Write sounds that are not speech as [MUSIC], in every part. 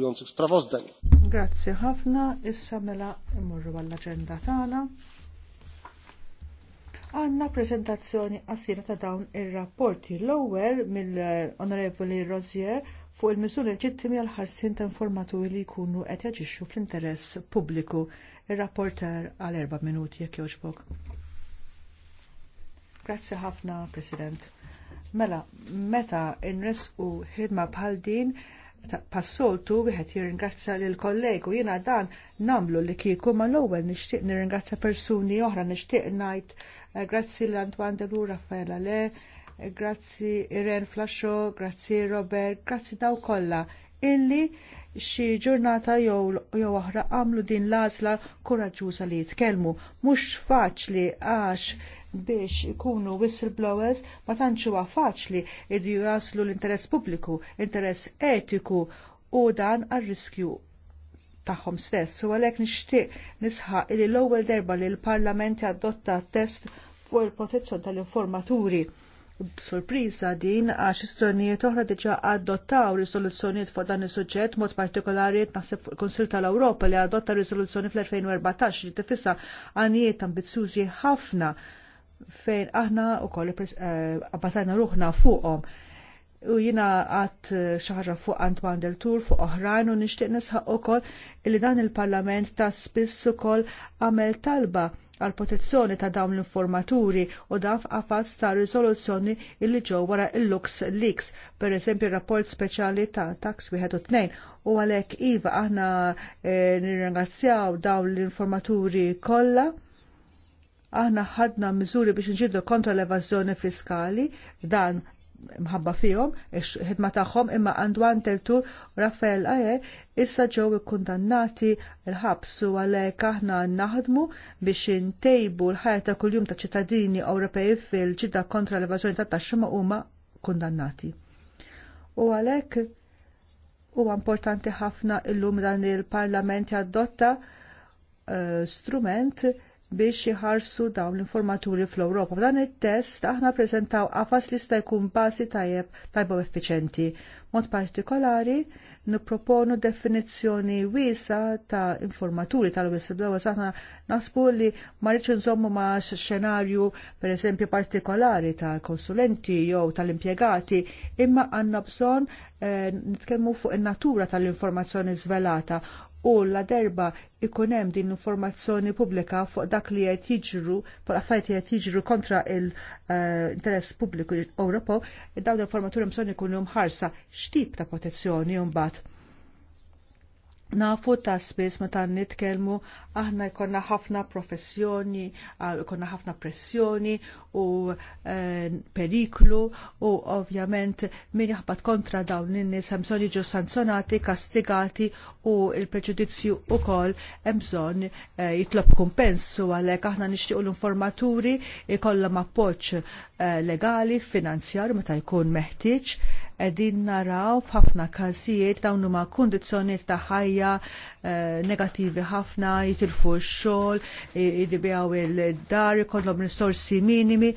għujących sprawozdań. Grazzi ħafna, issa mela imurru għall-agenda tagħna. Għanna prezentazzjoni qasira ta' dawn ir-rapporti l-ewwel mill-Onorevoli Rozier fuq il-miżuri leġittimi għal ħarsien ta' informaturi li jkunu qed jaġixxu fl-interess pubbliku. Ir-rapporter għal erba' minuti jekk jogħġbok. Grazzi ħafna, President. Mela, meta inresqu ħidma bħal din, passoltu wieħed jirringrazzja lil kollegu jiena dan namlu li kieku ma l-ewwel nixtieq nirringrazzja persuni oħra nixtieq ngħid eh, grazzi l Antwan Delu Raffaella Le, eh, grazzi Irene Flasho, grazzi Robert, grazzi daw kollha illi xi ġurnata jew oħra għamlu din l-għażla koraġġuża li jitkellmu. Mhux faċli għax biex ikunu whistleblowers ma tantx huwa faċli id jaslu l-interess pubbliku, interess etiku u dan għar-riskju tagħhom stess. U għalhekk nixtieq nisħaq li l-ewwel darba li l-Parlament adotta test fuq il-protezzjoni tal-informaturi. Sorpriża din għax istronijiet oħra diġà adottaw risoluzzjonijiet fuq dan is-suġġett mod partikolari naħseb il kunsill tal-Ewropa li adotta risoluzzjoni fl-2014 li tifissa għanijiet ambizzjużi ħafna fejn aħna wkoll abbasajna eh, ruħna fuqhom. U jina għat eh, xaħġa fuq Antwan del Tur fuq oħrajn u nixtieq nisħaq ukoll li dan il-Parlament ta' spiss ukoll għamel talba għal protezzjoni ta' dawn l-informaturi u dan f'qafas ta' rizoluzzjoni illi ġew wara il-Lux Leaks, per eżempju rapport speċjali ta' Tax 1 u 2 u għalhekk iva aħna eh, nirringrazzjaw dawn l-informaturi kollha aħna ħadna miżuri biex nġiddu kontra l-evażjoni fiskali dan mħabba fihom, ħidma tagħhom imma għandu Teltur Raffael Rafael Aje issa ġew ikkundannati l ħabsu għalek għalhekk aħna naħdmu biex intejbu l-ħajja ta' kuljum ta' ċittadini Ewropej fil-ġidda kontra l-evażjoni ta' taxxima ma huma kundannati. U għalhekk huwa importanti ħafna illum dan il-Parlament jadotta uh, strument biex jħarsu dawn l-informaturi fl-Ewropa. F'dan it-test aħna ppreżentaw qafas li sta jkun bażi tajjeb tajba effiċenti. Mod partikolari nipproponu definizzjoni wiesa ta' informaturi tal-whistleblowers aħna naħsbu li ma rridx nżommu ma' xenarju pereżempju partikolari tal-konsulenti jew tal-impjegati, imma għandna bżonn eh, nitkellmu fuq in-natura tal-informazzjoni żvelata u la derba ikun hemm din informazzjoni pubblika fuq dak li qed jiġru fuq affarijiet qed jiġru kontra l-interess eh, pubbliku Ewropew, dawn l-informaturi b'żonn ikunu mħarsa x'tip ta' protezzjoni mbagħad nafu ta' spess meta nitkellmu aħna jkollna ħafna professjoni, jkollna ħafna pressjoni u e, periklu u ovvjament min jaħbad kontra dawn in-nies hemm bżonn jiġu sanzjonati, kastigati u l-preġudizzju wkoll hemm bżonn e, jitlob kumpensu għalhekk aħna nixtiequ l-informaturi jkollhom appoġġ e, legali, finanzjarju meta jkun meħtieġ qegħdin naraw f'ħafna każijiet dawn huma kundizzjonijiet ta' ħajja eh, negattivi ħafna, jitilfu x-xogħol, jibgħu il-dar, ikollhom risorsi minimi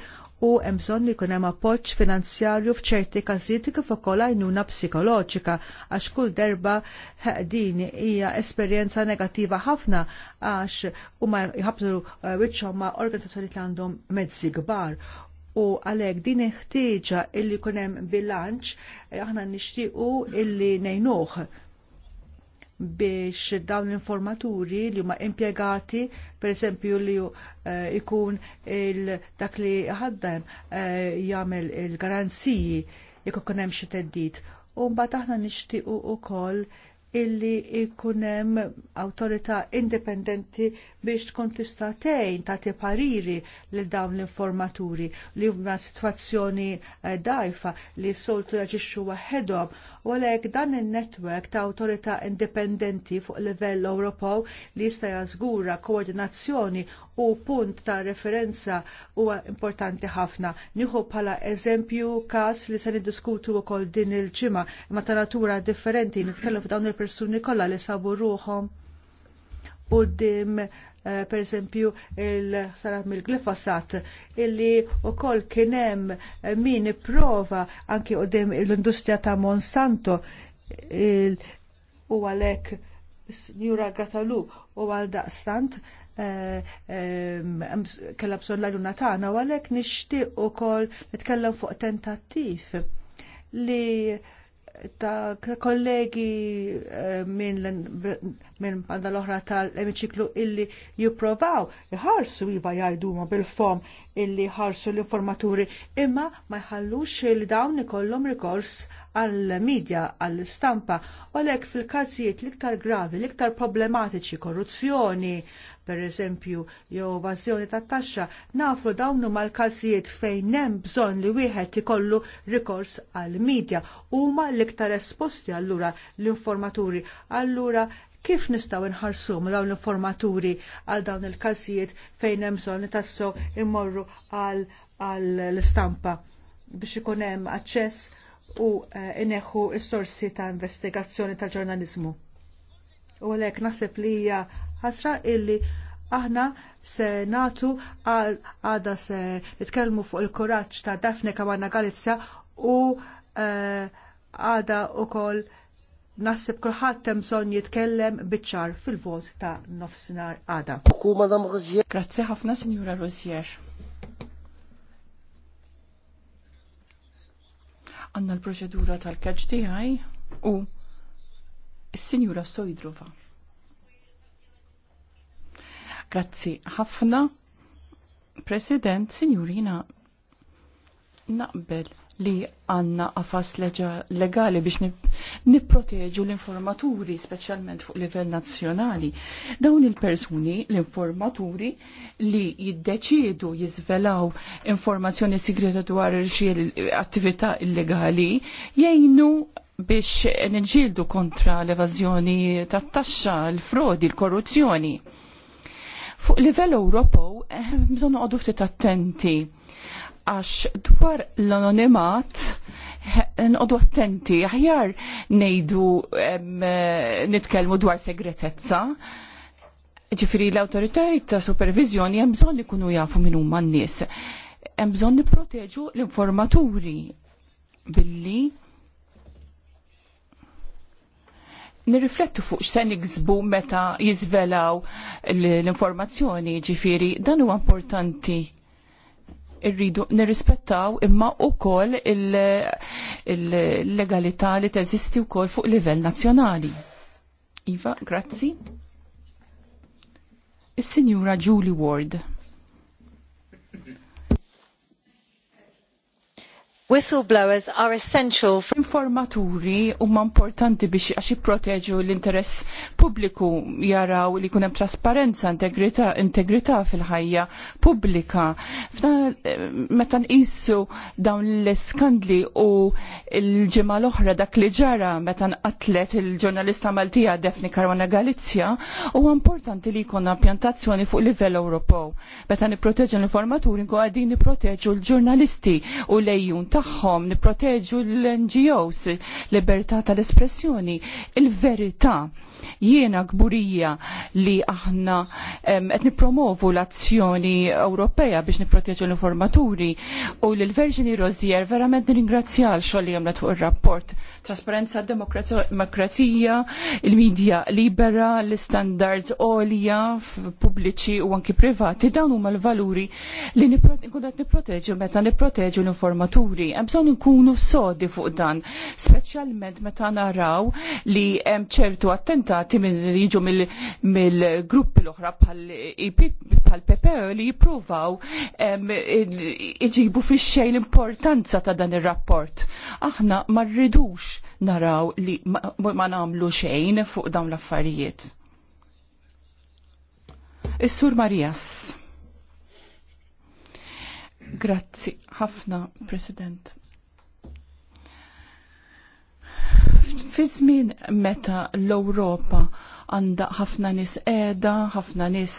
u hemm bżonn li jkun hemm appoġġ finanzjarju f'ċerti każijiet kif ukoll għajnuna psikoloġika għax kull derba din hija esperjenza negattiva ħafna għax huma jħabbru eh, wiċċhom ma' organizzazzjonijiet li għandhom mezzi kbar u għalhekk din iħtieġa illi kunem hemm bilanċ eh, aħna nixtiequ illi ngħinuh biex dawn l-informaturi li huma impjegati pereżempju li eh, ikun dak li ħaddem eh, jagħmel il-garanziji jekk ikun hemm xi teddid. U mbagħad aħna nixtiequ ukoll illi ikunem autorita indipendenti biex tkun tista' tgħin tagħti pariri lil dawn l-informaturi li huma sitwazzjoni eh, dajfa li soltu jaġixxu waħedhom U għalhekk dan in-netwerk ta' awtorità indipendenti fuq livell Ewropew li jista' jażgura koordinazzjoni u punt ta' referenza huwa importanti ħafna. Nieħu bħala eżempju każ li se niddiskutu wkoll din il-ġimgħa imma ta' natura differenti nitkellem f'dawn il-persuni kollha li sabu ruhom. quddiem Eh, pereżempju il-sarat mill-glifosat illi wkoll kien hemm eh, min ipprova anki dem l-industrija ta' Monsanto u għalek Njura Gratalu u għal daqstant eh, kella bżon l-għaluna tagħna u nishti nixtieq ukoll nitkellem fuq tentativ li ta' kollegi eh, minn banda l-oħra tal-emiċiklu illi jipprovaw jħarsu iva jajduma bil-fom illi ħarsu l-informaturi imma ma jħallux li dawn ikollhom rikors għall-medja, għall-stampa u għalhekk fil-każijiet l-iktar gravi, l-iktar problematiċi, korruzzjoni, pereżempju jew evażjoni tat-taxxa, nafu dawn huma l-każijiet fejn hemm bżonn li wieħed ikollu rikors għall-midja huma l-iktar esposti allura l-informaturi. Allura kif nistgħu nħarsum dawn l-informaturi għal dawn il-każijiet fejn hemm bżonn li tassew immorru għall istampa biex ikun hemm aċċess u eh, ineħħu s-sorsi ta' investigazzjoni ta' ġurnaliżmu. U għalhekk naħseb li hija ħasra illi aħna se natu għada se nitkellmu fuq il-kuraġġ ta' Dafne Kawanna Galizja u eh, għada u koll nasib kulħadd hemm bżonn jitkellem biċ-ċar fil-vot ta' nofsinhar għada. Grazzi ħafna Sinjura Rosier. Għanna l-proċedura tal-kaġ tiegħi u s-Sinjura Sojdrova. Grazzi ħafna. President, sinjurina, naqbel li għanna għafas legali biex niproteġu l-informaturi, specialment fuq livell nazzjonali. Dawn il-persuni, l-informaturi, li jiddeċidu jizvelaw informazzjoni segreta dwar xie attività illegali, jgħinu biex nġildu kontra l-evazjoni tat-taxxa, l-frodi, l-korruzzjoni Fuq livell Ewropew eh, bżonn noqogħdu ftit attenti għax dwar l-anonimat eh, nqodu attenti aħjar nejdu eh, nitkellmu dwar segretezza ġifiri l autoritajt ta' supervizjoni hemm bżonn ikunu jafu minn huma n-nies. Hemm bżonn nipproteġu l-informaturi billi nirriflettu fuq x'sen iksbu meta jizvelaw l-informazzjoni ġifiri dan huwa importanti irridu nirrispettaw imma wkoll il-legalità li teżisti wkoll fuq livell nazzjonali. Iva, grazzi. Is-Sinjura Julie Ward. Whistleblowers are essential for informaturi huma importanti biex għax jipproteġu l-interess pubbliku jaraw li jkun hemm trasparenza, integrità, integrità fil-ħajja pubblika. Meta nqisu dawn l-iskandli u l-ġimgħa l-oħra dak li ġara meta nqatlet il-ġurnalista Maltija Defni Karwana Galizja huwa importanti li jkollna pjantazzjoni fuq livell Ewropew. Meta nipproteġu l-informaturi nkun nipproteġu l-ġurnalisti u lejjun tagħhom, nipproteġu l-NGOs, libertà tal-espressjoni, il-verità. Jiena gburija li aħna qed nippromovu l-azzjoni Ewropea biex nipproteġu l-informaturi u l-Verġini Rozier verament nirringrazzja għal xogħol li għamlet fuq ir-rapport. Trasparenza demokrazija, il-medja libera, l-standards għolja pubbliċi u anki privati dawn huma l-valuri li nkunu qed nipproteġu meta nipproteġu l-informaturi ġifiri, hemm bżonn ikunu sodi fuq dan, speċjalment meta naraw li hemm ċertu attentati minn li jiġu mill-gruppi l-oħra bħal PPE li jippruvaw iġibu fix xej l-importanza ta' dan ir-rapport. Aħna ma rridux naraw li ma nagħmlu xejn fuq dawn l-affarijiet. Is-Sur Marijas. Grazzi ħafna, President. Fi żmien meta l-Ewropa għandha ħafna nies qiegħda, ħafna nis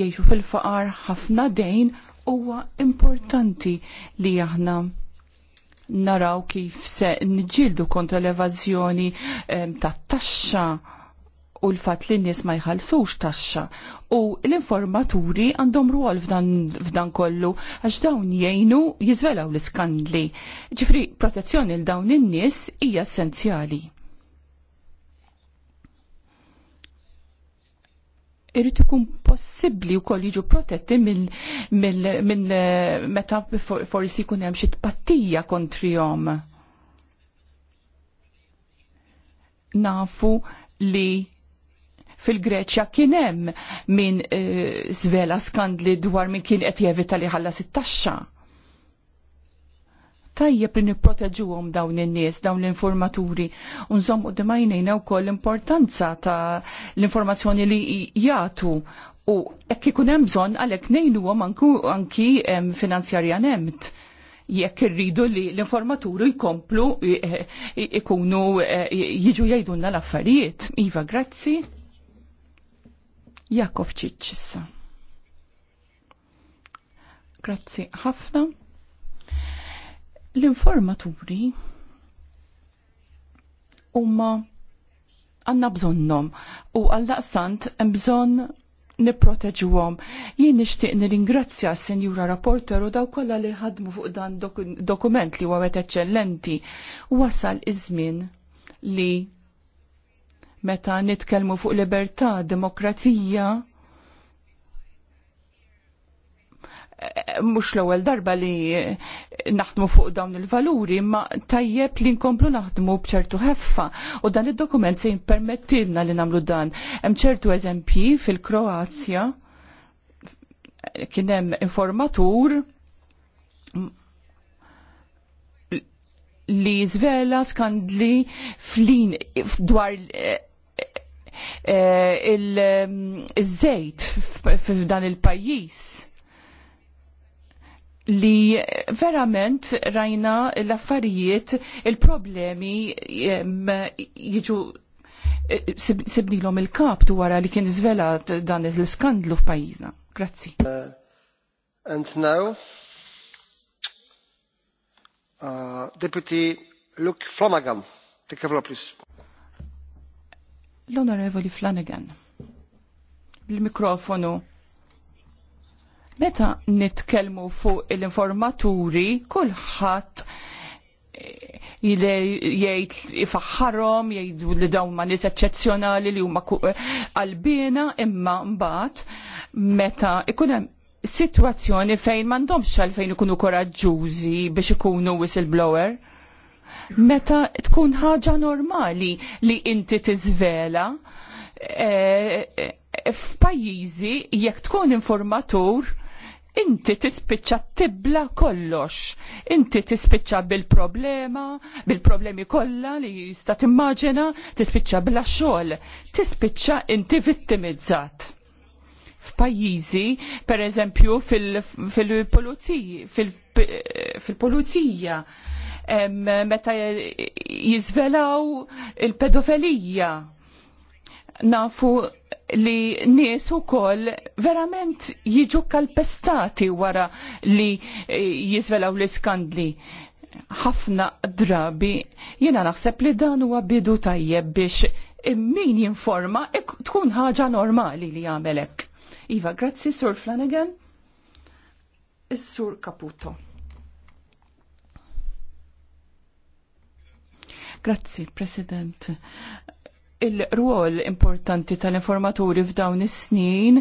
jiexu fil-faqar, ħafna dejn, huwa importanti li aħna naraw kif se nġildu kontra l-evażjoni eh, tat-taxxa u l-fat li n-nies ma jħallsux taxxa. U l-informaturi għandhom ruol f'dan kollu għax dawn jgħinu jizvelaw l-iskandli. Ġifri, protezzjoni l dawn in-nies hija essenzjali. Irrid ikun possibbli wkoll jiġu protetti minn meta forsi jkun hemm xi tpattija kontrihom. Nafu li fil-Greċja kien hemm min e, skandli dwar min kien qed jevita li ħallas sit taxxa Tajjeb li nipproteġuhom dawn in-nies, dawn l-informaturi, u nżomm u dimajnejna wkoll l-importanza ta' l-informazzjoni li jagħtu u jekk ikun hemm bżonn għalhekk ngħinuhom anki finanzjarjament jekk irridu li l-informaturi jkomplu eh, eh, ikunu jiġu jgħidulna l-affarijiet. Iva, grazzi. Jakov ċiċissa. Grazzi ħafna. L-informaturi huma għanna bżonnom u għal-daqstant bżon niproteġuhom. Jien nixtieq nirringrazzja s senjura Rapporter u daw kollha li ħadmu fuq dan dokument li għawet eċċellenti. Wasal iż-żmien li meta nitkellmu fuq libertà, demokrazija, mux l-ewwel darba li naħdmu fuq dawn il-valuri, ma tajjeb li nkomplu naħdmu bċertu ħeffa. U dan id-dokument se jimpermettilna li namlu dan. Hemm ċertu eżempji fil-Kroazja kien hemm informatur li zvela skandli flin dwar eh, eh, il-żejt eh, f'dan il-pajjiż li verament rajna l-affarijiet il-problemi jiġu sibnilhom il-kap wara li kien żvelat dan l-iskandlu f'pajjiżna. Grazzi. Uh, and now Euh, Deputy Luke Flanagan, take over, please. L-Onorevoli Flanagan, bil-mikrofonu. Meta nitkellmu fuq il informaturi kulħadd eh, jgħid ifaħħarhom, jgħidu li dawn ma nies eċċezzjonali li huma eh, għalbina imma mbagħad meta ikun hemm situazzjoni fejn mandomx għalfejn ikunu koraġġużi biex ikunu whistleblower. Meta tkun ħaġa normali li inti tizvela, eh, eh, f'pajjiżi jekk tkun informatur inti tispiċċa tibla kollox. Inti tispiċċa bil-problema, bil-problemi kollha li jista' timmaġina, tispiċċa bla xogħol, tispiċċa inti vittimizzat f'pajjiżi, per eżempju, fil-pulizija, fil pulizija meta jizvelaw il-pedofilija. Nafu li nies ukoll verament jiġu kalpestati wara li eh, jizvelaw l-iskandli ħafna drabi jiena naħseb li dan huwa bidu tajjeb biex min jinforma tkun ħaġa normali li jagħmelek. Iva, grazzi, Sor Flanagan. Is-Sur Caputo. Grazzi, President il-rwol importanti tal-informaturi f'dawn is-snin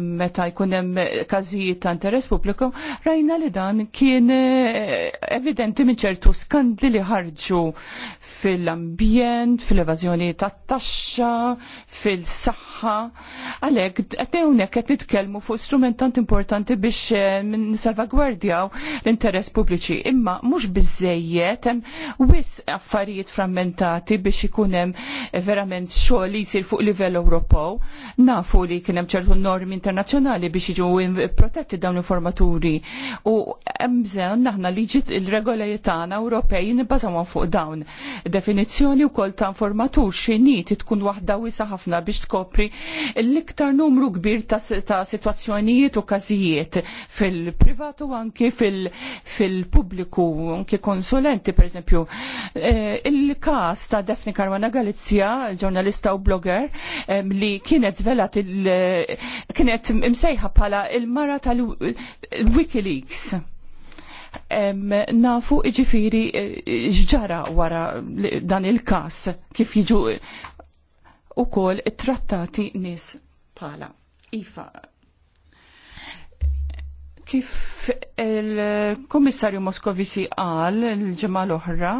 meta jkun hemm każijiet ta' interess pubbliku, rajna li dan kien eh, evidenti minn ċertu skandli li ħarġu fil-ambjent, fil-evażjoni tat-taxxa, fil-saħħa. Għalhekk qed hawnhekk qed nitkellmu fuq strumentant importanti biex eh, nisalvagwardjaw l-interess pubbliċi. Imma mhux biżejjed hemm wis affarijiet frammentati biex ikun hemm verament xogħol li jsir fuq livell Ewropew. Nafu li kien hemm ċertu normi internazzjonali biex jiġu protetti dawn l-informaturi u hemm bżonn naħna li ġiet il-regolajiet tagħna Ewropej nibbażawhom fuq dawn. Definizzjoni wkoll ta' informatur x'inhi tkun waħda wisa ħafna biex tkopri l-iktar numru kbir ta' sitwazzjonijiet u każijiet fil-privat u anke fil-pubbliku, Anke konsulenti pereżempju. Eh, il-każ ta' Defni Karwana Galizja ġurnalista u blogger, li kienet zvelat il- kienet imsejħa bħala il-mara tal-Wikileaks. Nafu iġifiri ġġara e, wara dan il-kas kif jiġu e, u kol trattati nis bħala. Ifa, kif il-Komissarju Moskovici għal il-ġemal oħra,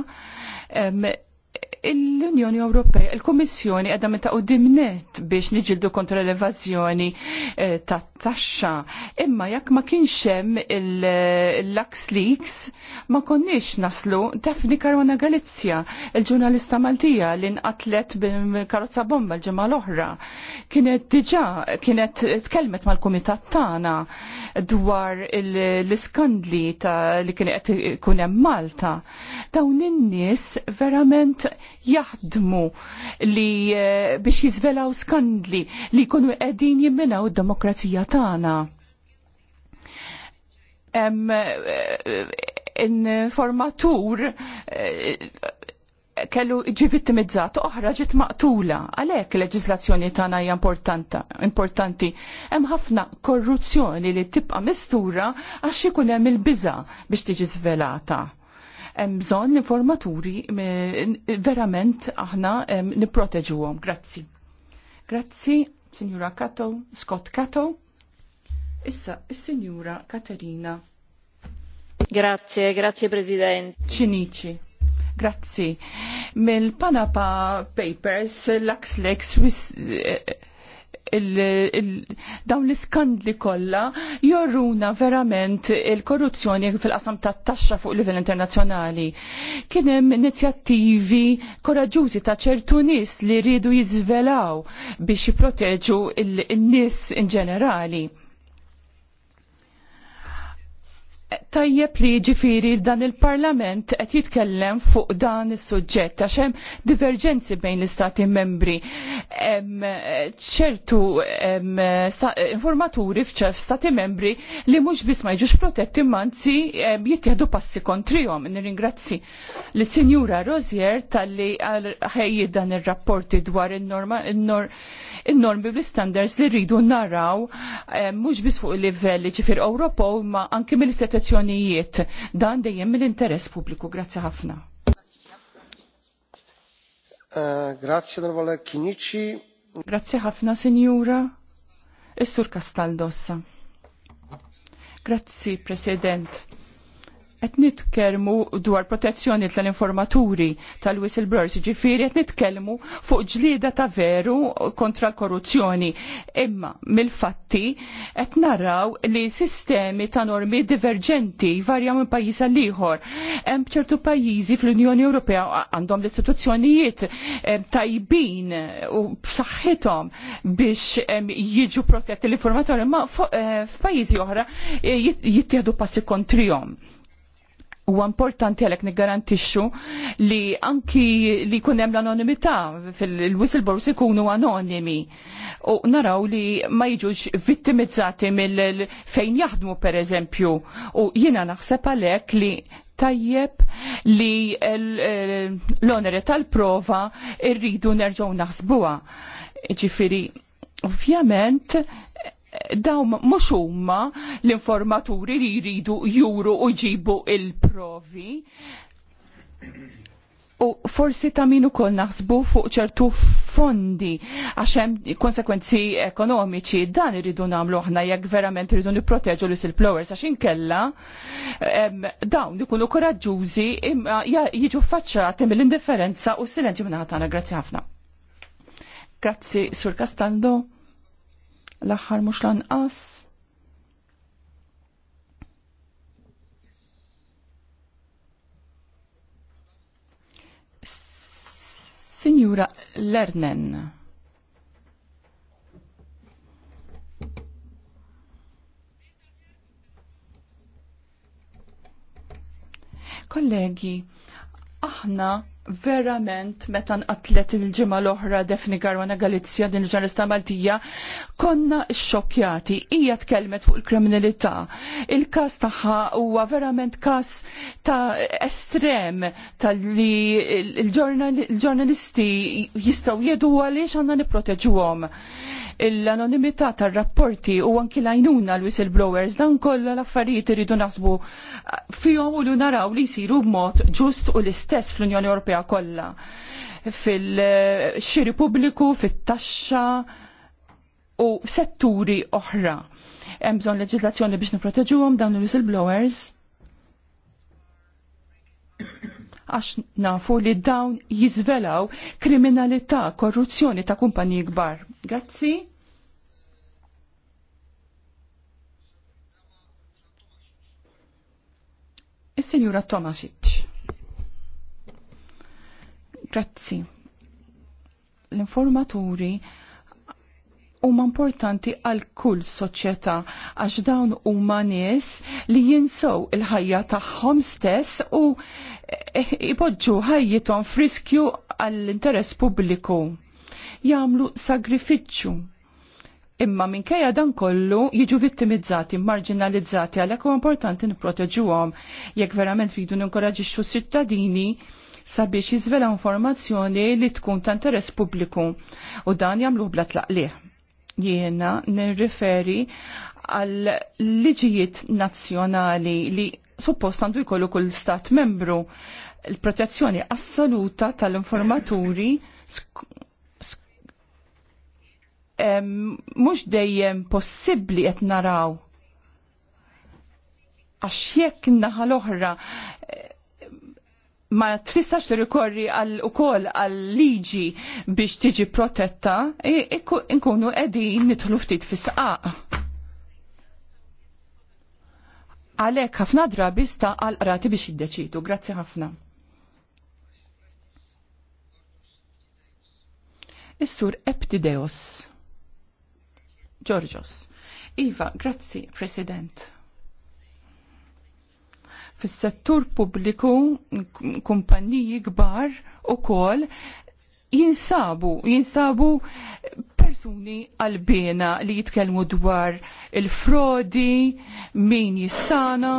l-Unjoni Ewropea, il-Kommissjoni għadha meta u nett biex niġildu kontra l-evażjoni eh, ta' taxxa. Imma jekk ma kienx hemm il-Lux Leaks ma konniex naslu Daphne Karwana Galizja, il-ġurnalista Maltija li nqatlet karozza bomba l-ġimgħa l-oħra. Kienet diġà kienet tkellmet mal-kumitat tagħna dwar l-iskandli ta' li kien qed ikun hemm Malta. Dawn in-nies verament jaħdmu li eh, biex jizvelaw skandli li jkunu qegħdin jimminaw id-demokrazija tagħna. Eh, Informatur eh, kellu ġi vittimizzat, oħra ġiet maqtula. Għalhekk il-leġislazzjoni tagħna hija importanti. Hemm ħafna korruzzjoni li tibqa' mistura għax ikun hemm il-biża biex tiġi żvelata bżon informaturi mm, eh, verament aħna għom. Grazzi. Grazzi, Signora Kato, Scott Kato. Issa, is-Signora Katerina. Grazie, grazie President. Cinici. Grazie. mill panapa Papers, l-Axlex, dawn l-iskandli kollha jorruna verament il-korruzzjoni fil-qasam tat-taxxa fuq livell internazzjonali. Kien hemm inizjattivi koraġużi ta' ċertu nies li rridu jizvelaw biex jipproteġu n-nies in ġenerali tajjeb li ġifiri dan il-parlament qed jitkellem fuq dan is-suġġett għax hemm diverġenzi bejn l-istati membri. ċertu informaturi f'ċerf stati membri li mhux biss ma jiġux protetti manzi jittieħdu passi kontrihom. Nirringrazzi lis sinjura Rozier talli ħejji dan ir-rapporti dwar in-norma in-normi bl-standards li rridu naraw mhux biss fuq il-livell ġifir Ewropew ma anke mill-istituzzjoni l dan dejjem mill-interess pubbliku. Grazzi ħafna. Uh, eh, Grazzi, onorevole Kinici. Grazzi ħafna, Sinjura. Is-Sur Kastaldossa. Grazzi, President qed nitkellmu dwar protezzjoni tal-informaturi tal-whistleblowers, ġifieri qed nitkellmu fuq ġlieda ta' veru kontra l-korruzzjoni. Imma mill-fatti qed naraw li sistemi ta' normi diverġenti jvarjaw minn pajjiż għal ieħor. Hemm ċertu pajjiżi fl-Unjoni Ewropea għandhom l-istituzzjonijiet eh, tajbin u b'saħħithom biex jiġu protetti l-informatori, ma eh, f'pajjiżi oħra eh, jittieħdu passi kontrihom u importanti għalek niggarantixxu li anki li jkun hemm l-anonimità fil-whistleblowers ikunu anonimi u naraw li ma jiġux vittimizzati mill fejn jaħdmu pereżempju u jiena naħseb għalhekk li tajjeb li l-onere tal-prova irridu nerġgħu naħsbuha. Ġifiri, ovvjament dawn mhux huma l-informaturi li jridu juru u jġibu il-provi. U forsi ta' min ukoll naħsbu fuq ċertu fondi għax hemm konsekwenzi ekonomiċi dan irridu nagħmlu aħna jekk verament irridu nipproteġu l whistleblowers għax inkella dawn ikunu koraġġużi imma jiġu faċċati mill-indifferenza u s-silenzju minn ħatana. Grazzi ħafna. Grazzi, Sur Castaldo l axħar mux lanqas. Signora Lernen. Kollegi, aħna verament meta nqatlet il-ġimgħa l-oħra Defni Garwana Galizja din il-ġurnalista Maltija, konna xokjati. Hija tkellmet fuq il-kriminalità. Il-każ tagħha huwa verament każ ta' estrem tal-li il-ġurnalisti jistgħu jedu għaliex għandna nipproteġuhom. L-anonimità tar-rapporti u anki lajnuna l-whistleblowers dan kollha l-affarijiet iridu naħsbu fihom u naraw li jsiru b'mod ġust u l-istess fl-Unjoni Ewropea Ewropea kollha fil-xiri pubbliku, fit-taxxa u setturi oħra. Hemm bżonn leġiżlazzjoni biex nipproteġuhom dawn il-whistleblowers għax nafu li dawn jizvelaw kriminalità, korruzzjoni ta' kumpaniji kbar. Grazzi. Is-Sinjura Tomasic. Grazzi. L-informaturi huma importanti għal kull soċjetà għax dawn huma nies li jinsow il-ħajja tagħhom stess u eh, ipoġġu ħajjithom friskju għall-interess pubbliku. Jagħmlu sagrifiċċju Imma minkejja dan kollu jiġu vittimizzati, marginalizzati, għalhekk huwa importanti nipproteġuhom jekk verament ridu ninkoraġixxu s-sittadini sabiex jiżvela informazzjoni li tkun ta' interess pubbliku u dan jagħmluh bla tlaqlih. Jiena nirriferi għal liġijiet nazzjonali li suppost għandu jkollu kull stat membru l-protezzjoni assoluta tal-informaturi mhux dejjem possibbli qed naraw. Għax jekk naħa l-oħra ma tristax rikorri għal ukoll għal liġi biex tiġi protetta, inkunu qegħdin nitħlu ftit fis-saqaq. Għalhekk ħafna drabi sta għal rati biex jiddeċidu. Grazzi ħafna. Is-sur Eptideos. Giorgios, Iva, grazzi, President. Fis-settur pubbliku, kumpaniji kbar u kol jinsabu, jinsabu persuni għalbena li jitkellmu dwar il-frodi, min jistana,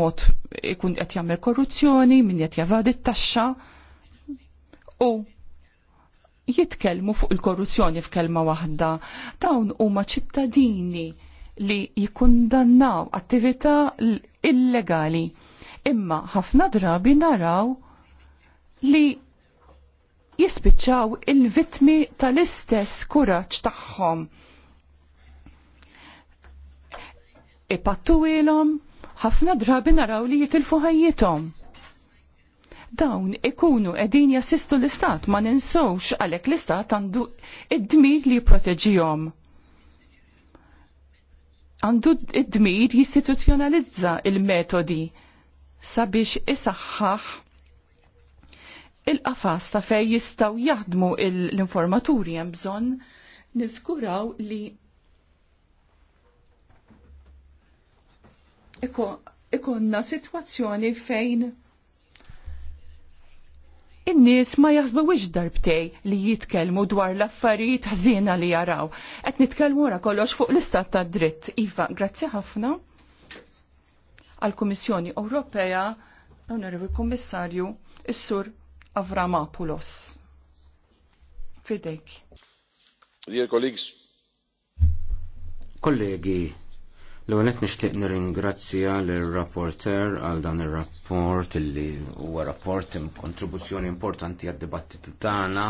mod ikun qed jagħmel korruzzjoni, min qed javad it-taxxa u jitkellmu fuq il-korruzzjoni f'kelma waħda. Dawn huma ċittadini li jikkundannaw attività illegali. Imma ħafna drabi naraw li jispiċċaw il-vitmi tal-istess kuraġġ tagħhom. Ipattu ilhom ħafna drabi naraw li jitilfu ħajjithom dawn ikunu edin jassistu l-istat ma ninsowx għalek l-istat għandu id-dmir li proteġijom. Għandu id-dmir jistituzjonalizza il-metodi sabiex isaħħaħ il-qafas ta' fej jistaw jaħdmu l-informaturi hemm bżonn niżguraw li ikonna situazzjoni fejn in-nies ma jaħsbu wiex darbtej li jitkellmu dwar l-affarijiet ħżiena li jaraw. Qed nitkellmu wara kollox fuq l-istat ta' dritt. Iva, grazzi ħafna għall-Kummissjoni Ewropea, Onorevoli Kummissarju, is-Sur Avramopoulos. Fidejk. Dear colleagues. Kollegi, L-għonet nishtiq nir-ingrazzja l-rapporter għal dan il-rapport li huwa rapport kontribuzzjoni importanti għad dibattitu tagħna.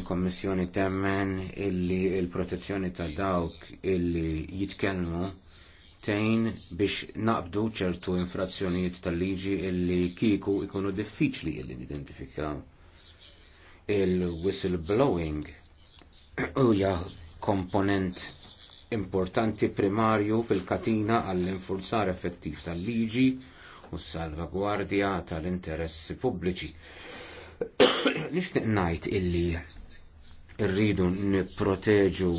Il-Kommissjoni temmen illi il-protezzjoni ta' dawk illi jitkellmu tejn biex naqbdu ċertu infrazzjonijiet tal-liġi illi kiku ikunu diffiċli illi nidentifikaw. Il-whistleblowing [COUGHS] huja komponent importanti primarju fil-katina għall-infurzar effettiv tal-liġi u s-salvagwardja tal-interessi pubbliċi. [COUGHS] Nixtieq ngħid illi rridu nipproteġu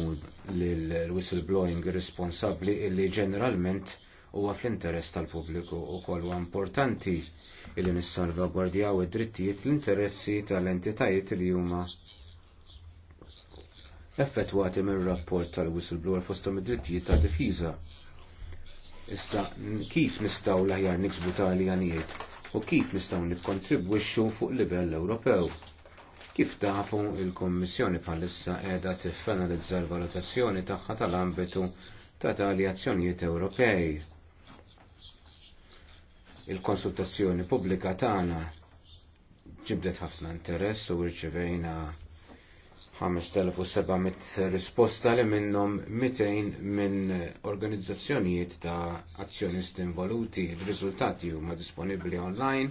l-whistleblowing responsabbli illi ġeneralment huwa fl-interess tal-pubbliku u huwa importanti illi nissalvagwardjaw id-drittijiet l-interessi tal-entitajiet li huma effettwati mir rapport tal-whistleblower fostom id-drittijiet tad difiża. Issa kif nistgħu l-aħjar niksbu tali għanijiet u kif nistgħu nikkontribwixxu fuq livell Ewropew. Kif tafu l kummissjoni bħalissa qiegħda tiffanalizza l-valutazzjoni tagħha tal-ambitu ta' tali azzjonijiet Ewropej. Il-konsultazzjoni pubblika tagħna ġibdet ħafna interess u rċevejna 5700 risposta li minnhom 200 minn organizzazzjonijiet ta' azzjonisti involuti. Il-riżultati huma disponibbli online.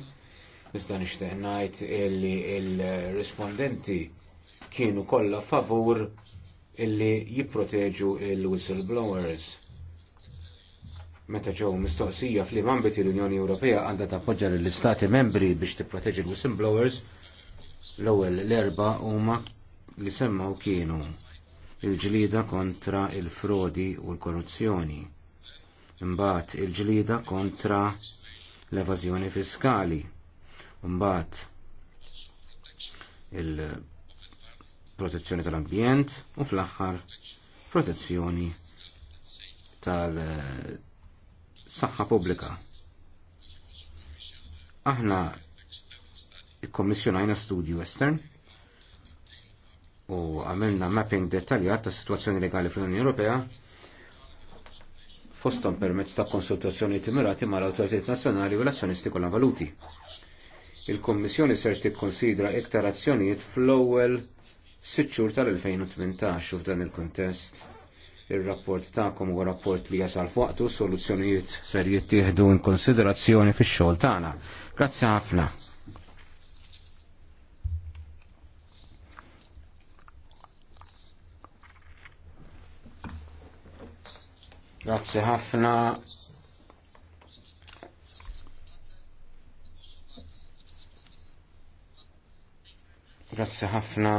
Iżda nixtieq ngħid li l-rispondenti kienu kollha favur illi jipproteġu il-whistleblowers. Meta ġew mistoqsija fl ambiti l-Unjoni Ewropea għandha tappoġġa lill istati membri biex tipproteġi l-whistleblowers l-ewwel l-erba' huma li semmaw kienu il-ġlida kontra il-frodi u l-korruzzjoni. Imbagħad il-ġlida kontra l-evażjoni fiskali. Imbagħad il-protezzjoni tal-ambjent u fl-aħħar protezzjoni tal-saħħa pubblika. Aħna ikkommissjonajna studju western u għamilna mapping dettaljat ta' situazzjoni legali fl-Unjoni Ewropea fostom permezz ta' konsultazzjoni timirati mal autoritet nazzjonali u l-azzjonisti kollha valuti. Il-Kommissjoni ser tikkonsidra iktar azzjonijiet fl-ewwel sitt xhur tal-2018 u f'dan il-kuntest. Ir-rapport tagħkom huwa rapport li jasal fuqtu soluzzjonijiet ser jittieħdu in konsiderazzjoni fix-xogħol tagħna. Grazzi ħafna. Grazie ħafna. Grazie ħafna.